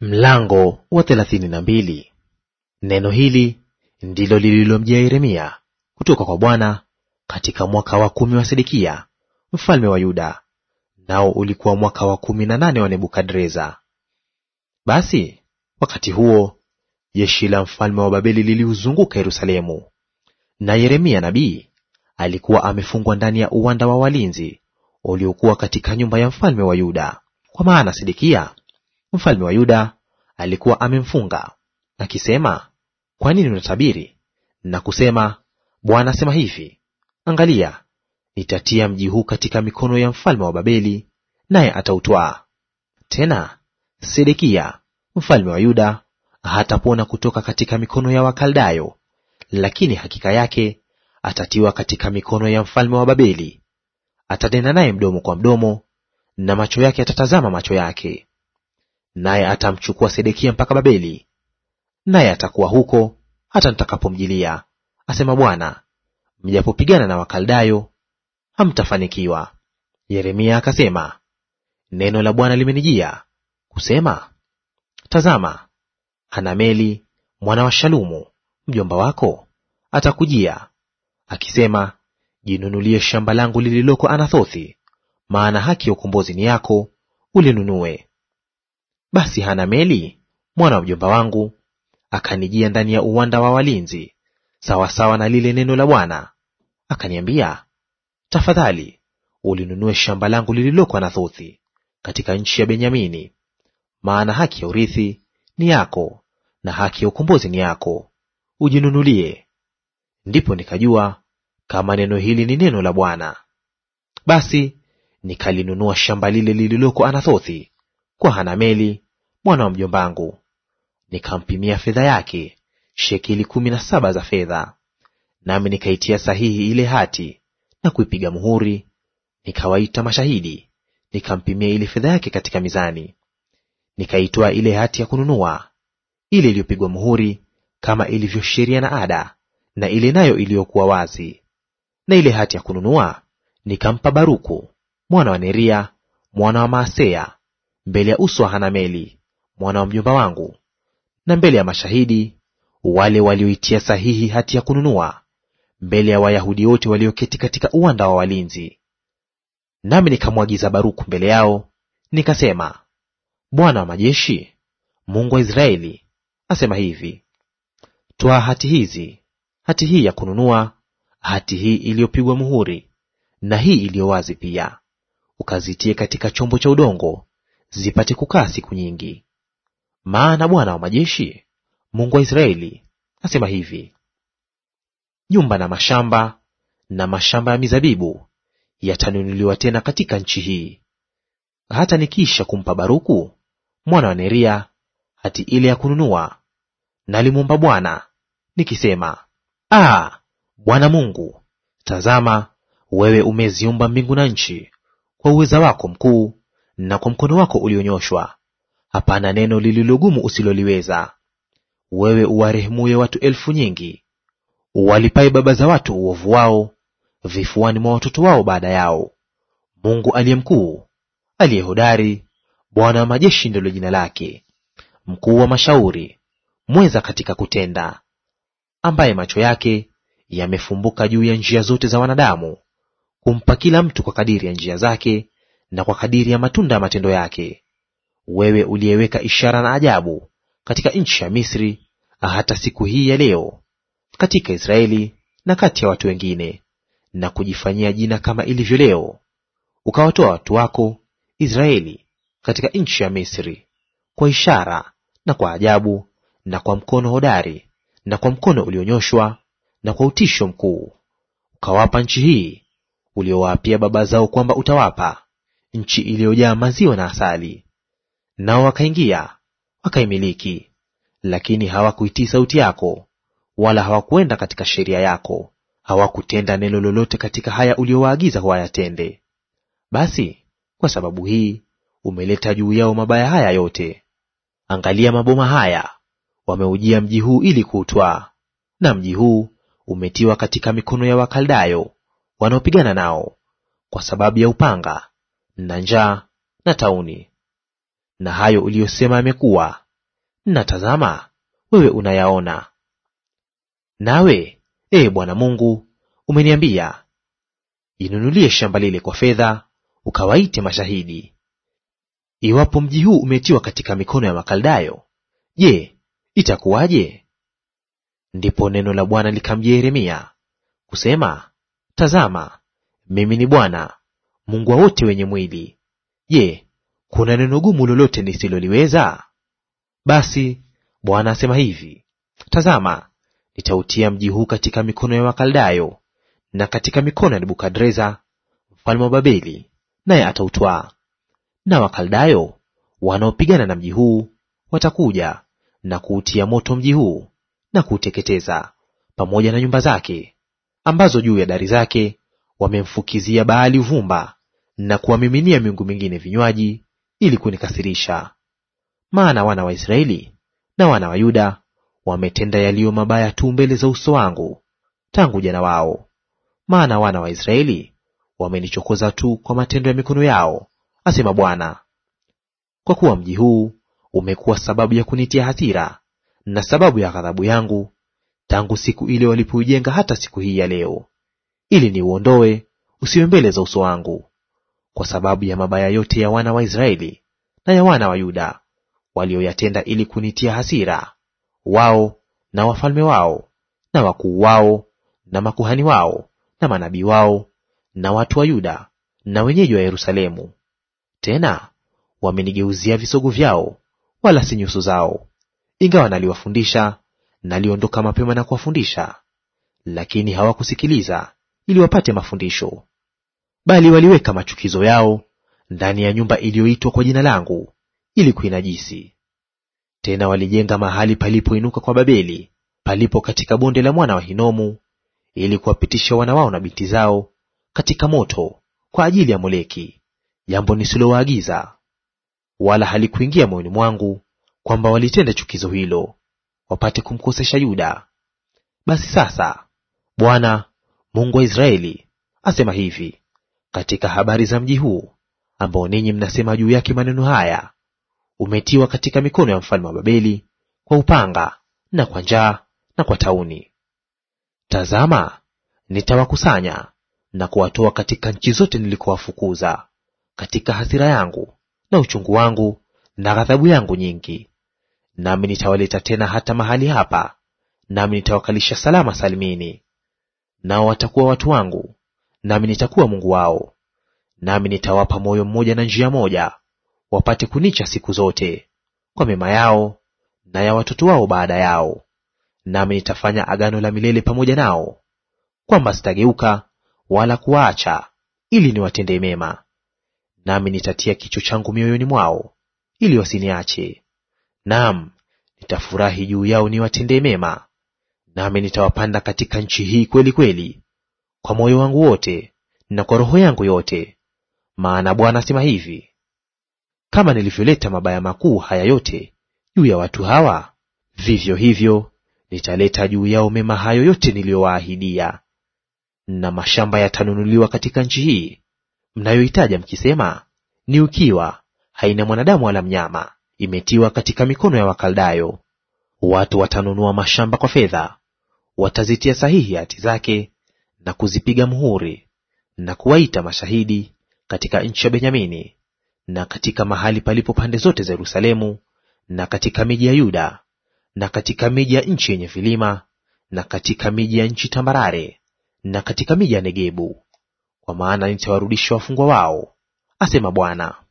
Mlango wa thelathini na mbili. Neno hili ndilo lililomjia Yeremia kutoka kwa Bwana katika mwaka wa kumi wa Sedekia mfalme wa Yuda, nao ulikuwa mwaka wa kumi na nane wa Nebukadreza. Basi wakati huo jeshi la mfalme wa Babeli liliuzunguka Yerusalemu, na Yeremia nabii alikuwa amefungwa ndani ya uwanda wa walinzi uliokuwa katika nyumba ya mfalme wa Yuda, kwa maana Sedekia mfalme wa Yuda alikuwa amemfunga akisema, kwa nini unatabiri na kusema, Bwana asema hivi, angalia, nitatia mji huu katika mikono ya mfalme wa Babeli, naye atautwaa. Tena Sedekia mfalme wa Yuda hatapona kutoka katika mikono ya Wakaldayo, lakini hakika yake atatiwa katika mikono ya mfalme wa Babeli. Atanena naye mdomo kwa mdomo, na macho yake atatazama macho yake naye atamchukua Sedekia mpaka Babeli, naye atakuwa huko hata nitakapomjilia, asema Bwana. Mjapopigana na Wakaldayo hamtafanikiwa. Yeremia akasema, neno la Bwana limenijia kusema, tazama, Hanameli mwana wa Shalumu mjomba wako atakujia akisema, jinunulie shamba langu lililoko Anathothi, maana haki ya ukombozi ni yako, ulinunue. Basi hana meli mwana wa mjomba wangu akanijia ndani ya uwanda wa walinzi, sawasawa na lile neno la Bwana, akaniambia, tafadhali ulinunue shamba langu lililoko Anathothi katika nchi ya Benyamini, maana haki ya urithi ni yako na haki ya ukombozi ni yako, ujinunulie. Ndipo nikajua kama neno hili ni neno la Bwana. Basi nikalinunua shamba lile lililoko Anathothi kwa Hanameli mwana wa mjombangu, nikampimia fedha yake shekeli kumi na saba za fedha, nami nikaitia sahihi ile hati na kuipiga muhuri, nikawaita mashahidi, nikampimia ile fedha yake katika mizani. Nikaitoa ile hati ya kununua ile iliyopigwa muhuri kama ilivyo sheria na ada, na ile nayo iliyokuwa wazi. Na ile hati ya kununua nikampa Baruku mwana wa Neria mwana wa Maaseya mbele ya uso wa Hanameli mwana wa mjomba wangu, na mbele ya mashahidi wale walioitia sahihi hati ya kununua, mbele ya Wayahudi wote walioketi katika uwanda wa walinzi. Nami nikamwagiza Baruku mbele yao, nikasema, Bwana wa majeshi, Mungu wa Israeli, asema hivi, twaa hati hizi, hati hii ya kununua, hati hii iliyopigwa muhuri na hii iliyo wazi pia, ukazitie katika chombo cha udongo zipate kukaa siku nyingi. Maana Bwana wa majeshi, Mungu wa Israeli, asema hivi, nyumba na mashamba na mashamba ya mizabibu yatanunuliwa tena katika nchi hii, hata nikiisha kumpa Baruku mwana wa Neria hati ile ya kununua. Nalimwomba Bwana nikisema, Aa, Bwana Mungu, tazama, wewe umeziumba mbingu na nchi kwa uweza wako mkuu na kwa mkono wako ulionyoshwa hapana neno lililogumu usiloliweza. Wewe uwarehemuye watu elfu nyingi, uwalipaye baba za watu uovu wao, vifuani mwa watoto wao baada yao. Mungu aliye mkuu, aliye hodari, Bwana wa majeshi ndilo jina lake, mkuu wa mashauri, mweza katika kutenda, ambaye macho yake yamefumbuka juu ya njia zote za wanadamu, kumpa kila mtu kwa kadiri ya njia zake, na kwa kadiri ya matunda ya matendo yake. Wewe uliyeweka ishara na ajabu katika nchi ya Misri, hata siku hii ya leo katika Israeli na kati ya watu wengine, na kujifanyia jina kama ilivyo leo, ukawatoa watu wako Israeli katika nchi ya Misri kwa ishara na kwa ajabu na kwa mkono hodari na kwa mkono ulionyoshwa na kwa utisho mkuu, ukawapa nchi hii uliowaapia baba zao kwamba utawapa, nchi iliyojaa maziwa na asali. Nao wakaingia wakaimiliki, lakini hawakuitii sauti yako, wala hawakuenda katika sheria yako, hawakutenda neno lolote katika haya uliyowaagiza wayatende. Basi kwa sababu hii umeleta juu yao mabaya haya yote. Angalia maboma haya, wameujia mji huu ili kuutwaa, na mji huu umetiwa katika mikono ya Wakaldayo wanaopigana nao kwa sababu ya upanga na njaa na tauni. Na hayo uliyosema yamekuwa, na tazama, wewe unayaona. Nawe ee Bwana Mungu, umeniambia, inunulie shamba lile kwa fedha, ukawaite mashahidi. Iwapo mji huu umetiwa katika mikono ya makaldayo je, itakuwaje? Ndipo neno la Bwana likamjia Yeremia kusema, Tazama, mimi ni Bwana Mungu wa wote wenye mwili. Je, kuna neno gumu lolote nisiloliweza? Basi Bwana asema hivi, tazama, nitautia mji huu katika mikono ya Wakaldayo na katika mikono ya Nebukadreza mfalme wa Babeli, naye atautwaa. Na Wakaldayo wanaopigana na mji huu watakuja na kuutia moto mji huu na kuuteketeza, pamoja na nyumba zake ambazo juu ya dari zake wamemfukizia Baali uvumba na kuwamiminia miungu mingine vinywaji ili kunikasirisha. Maana wana wa Israeli na wana wa Yuda wametenda yaliyo mabaya tu mbele za uso wangu tangu jana wao. Maana wana wa Israeli wamenichokoza tu kwa matendo ya mikono yao, asema Bwana. Kwa kuwa mji huu umekuwa sababu ya kunitia hasira na sababu ya ghadhabu yangu tangu siku ile walipoujenga hata siku hii ya leo, ili niuondoe usiwe mbele za uso wangu kwa sababu ya mabaya yote ya wana wa Israeli na ya wana wa Yuda walioyatenda ili kunitia hasira, wao na wafalme wao na wakuu wao na makuhani wao na manabii wao na watu wa Yuda na wenyeji wa Yerusalemu. Tena wamenigeuzia visogo vyao, wala si nyuso zao. Ingawa naliwafundisha, naliondoka mapema na kuwafundisha, lakini hawakusikiliza ili wapate mafundisho bali waliweka machukizo yao ndani ya nyumba iliyoitwa kwa jina langu ili kuinajisi. Tena walijenga mahali palipoinuka kwa Babeli, palipo katika bonde la mwana wa Hinomu, ili kuwapitisha wana wao na binti zao katika moto kwa ajili ya Moleki, jambo nisilowaagiza; wala halikuingia moyoni mwangu kwamba walitenda chukizo hilo, wapate kumkosesha Yuda. Basi sasa, Bwana Mungu wa Israeli asema hivi: katika habari za mji huu ambao ninyi mnasema juu yake maneno haya, umetiwa katika mikono ya mfalme wa Babeli kwa upanga na kwa njaa na kwa tauni. Tazama, nitawakusanya na kuwatoa katika nchi zote nilikowafukuza katika hasira yangu na uchungu wangu na ghadhabu yangu nyingi, nami nitawaleta tena hata mahali hapa, nami nitawakalisha salama salimini. Nao watakuwa watu wangu, nami nitakuwa Mungu wao, nami nitawapa moyo mmoja na njia moja, wapate kunicha siku zote, kwa mema yao na ya watoto wao baada yao. Nami nitafanya agano la milele pamoja nao, kwamba sitageuka wala kuwaacha, ili niwatendee mema. Nami nitatia kicho changu mioyoni mwao, ili wasiniache. Naam, nitafurahi juu yao niwatendee mema, nami nitawapanda katika nchi hii kweli kweli, kwa moyo wangu wote na kwa roho yangu yote. Maana Bwana asema hivi, kama nilivyoleta mabaya makuu haya yote juu ya watu hawa, vivyo hivyo nitaleta juu yao mema hayo yote niliyowaahidia. Na mashamba yatanunuliwa katika nchi hii mnayoitaja mkisema, ni ukiwa, haina mwanadamu wala mnyama, imetiwa katika mikono ya Wakaldayo. Watu watanunua mashamba kwa fedha, watazitia sahihi hati zake na kuzipiga mhuri na kuwaita mashahidi katika nchi ya Benyamini na katika mahali palipo pande zote za Yerusalemu na katika miji ya Yuda na katika miji ya nchi yenye vilima na katika miji ya nchi tambarare na katika miji ya Negebu, kwa maana nitawarudisha wafungwa wao, asema Bwana.